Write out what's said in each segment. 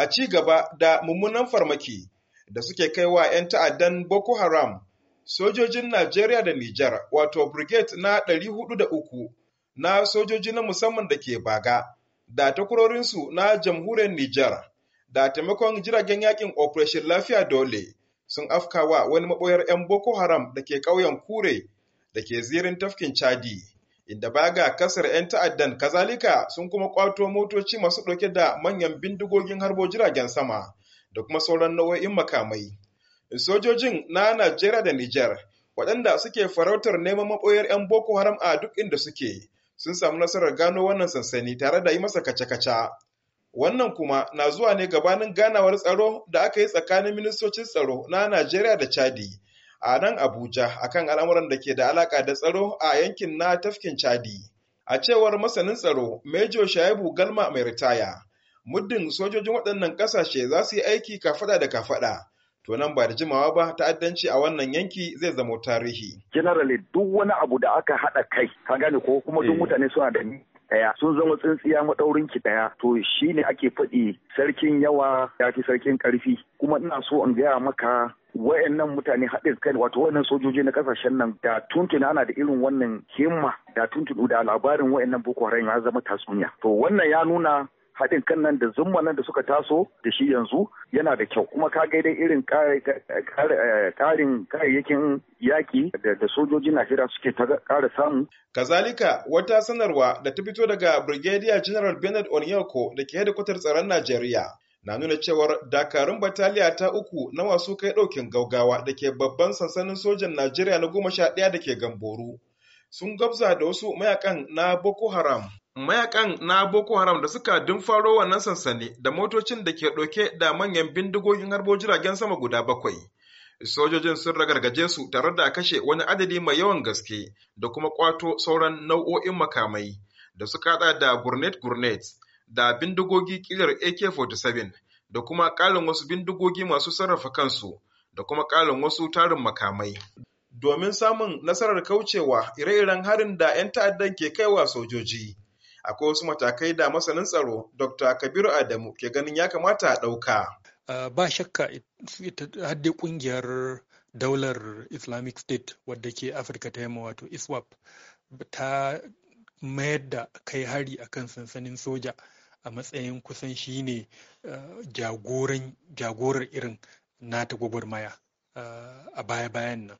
a ci gaba da mummunan farmaki da suke kai wa 'yan ta'addan Boko Haram, sojojin Najeriya da Nijar, wato Brigade na 403 na sojoji na musamman da ke baga, da takurorinsu na jamhuriyar Nijar, da taimakon jiragen yakin Operation Lafiya Dole sun afkawa wani maboyar 'yan Boko Haram da ke ƙauyen Kure da ke zirin tafkin Chadi. inda baga ga kasar 'yan ta'addan kazalika sun kuma kwato motoci masu ɗauke da manyan bindigogin harbo jiragen sama da kuma sauran nau'o'in makamai. Sojojin na Najeriya da Nijar waɗanda suke farautar neman maɓoyar 'yan Boko Haram a duk inda suke sun samu nasarar gano wannan sansani tare da yi masa kace-kace. Wannan kuma na zuwa ne gabanin ganawar tsaro da aka yi tsakanin ministocin tsaro na Najeriya da Chadi a nan Abuja akan al'amuran da ke da alaka da tsaro a yankin na tafkin Chadi. A cewar masanin tsaro Mejo Shaibu Galma mai ritaya, muddin sojojin waɗannan ƙasashe za su yi aiki kafaɗa da kafaɗa. to nan ba da jimawa ba ta'addanci a wannan yanki zai zama tarihi. Generally duk wani abu da aka haɗa kai, ka gane ko kuma duk eh. mutane suna da daya sun zama tsintsiya maɗaurin ki daya to shine ake faɗi sarkin yawa ya fi sarkin ƙarfi kuma ina so in gaya maka wayannan mutane haɗin kai wato wayannan sojoji na kasashen nan da tuntuna ana da irin wannan himma da tuntunu da labarin wayannan boko haram ya zama tatsuniya to wannan ya nuna haɗin kan nan da zumma nan da suka taso da shi yanzu yana da kyau kuma ka gaidai irin eh, ƙarin kayayyakin yaƙi da sojojin Najeriya suke ta ƙara samu. Kazalika wata sanarwa da ta fito daga Brigadier General Bernard Onyeko da ke hedikwatar tsaron Najeriya na nuna cewar dakarun bataliya ta uku na masu kai ɗaukin gaugawa da ke babban sansanin sojan Najeriya na goma sha ɗaya da ke Gamboru. Sun gabza da wasu mayakan na Boko Haram. Mayakan na Boko Haram da suka faro wannan sansani da motocin da ke ɗauke da manyan bindigogin harbo jiragen sama guda bakwai. Sojojin sun ragargaje su tare da kashe wani adadi mai yawan gaske da kuma kwato sauran nau'o'in makamai da suka haɗa da gurnet-gurnet da bindigogi kilar AK-47 da kuma ƙarin wasu bindigogi masu sarrafa kansu da kuma ƙarin wasu tarin makamai. Domin samun nasarar kaucewa ire-iren harin da 'yan ta'addan ke kaiwa sojoji, akwai wasu matakai da masanin tsaro Dr. Kabiru Adamu ke ganin ya kamata a ɗauka. ba shakka ita ƙungiyar daular Islamic State wadda ke Afirka ta yamma wato ISWAP ta mayar da kai hari a kan sansanin soja a matsayin kusan shi ne eh, jagorar irin nata gwagwarmaya eh, a baya-bayan nan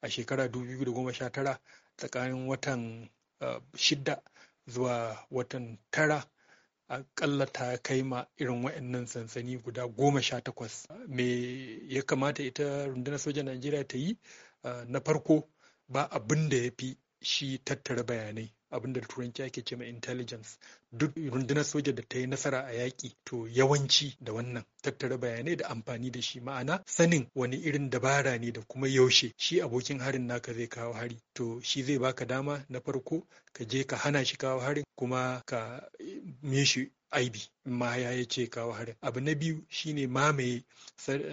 a shekara 2019 tsakanin watan eh, shida zuwa watan tara akalla ta kai ma irin waɗannan sansani guda goma sha takwas me ya kamata ita rundunar sojan najeriya ta yi na farko ba abin da ya fi shi tattara bayanai abinda da turanci ake ce ma intelligence duk rundunar soja da ta yi nasara a yaƙi to yawanci da wannan tattara bayanai da amfani da shi ma'ana sanin wani irin dabara ne da kuma yaushe shi abokin harin naka zai kawo hari to shi zai baka dama na farko ka je ka hana shi kawo harin kuma ka shi aibi ma ya ce kawo harin abu na biyu shine mamaye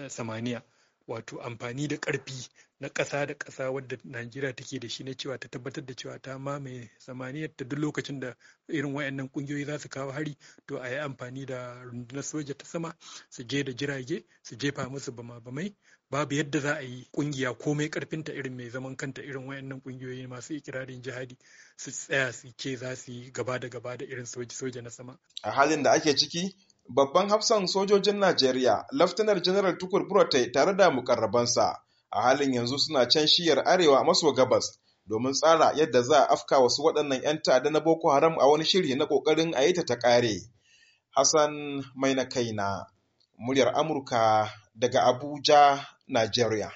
samaniya wato amfani da ƙarfi na ƙasa da ƙasa wadda Najeriya take da shi na cewa ta tabbatar da cewa ta mamaye samaniyar ta duk lokacin da irin wayannan kungiyoyi za su kawo hari to a yi amfani da rundunar soja ta sama su je da jirage su jefa musu bama-bamai babu yadda za a yi kungiya komai ƙarfinta irin mai zaman kanta irin wayannan kungiyoyi masu ikirarin jihadi su tsaya su ce za su yi gaba da gaba da irin soja na sama a halin da ake ciki babban hafsan sojojin Najeriya, Laftanar General Tukur Buratai tare da mukarrabansa a halin yanzu suna can shiyar arewa maso gabas domin tsara yadda za a afka wasu waɗannan 'yan ta'adda na Boko Haram a wani shiri na ƙoƙarin a yi ta ta ƙare. Hassan Mai na kaina, muryar Amurka daga Abuja, Najeriya.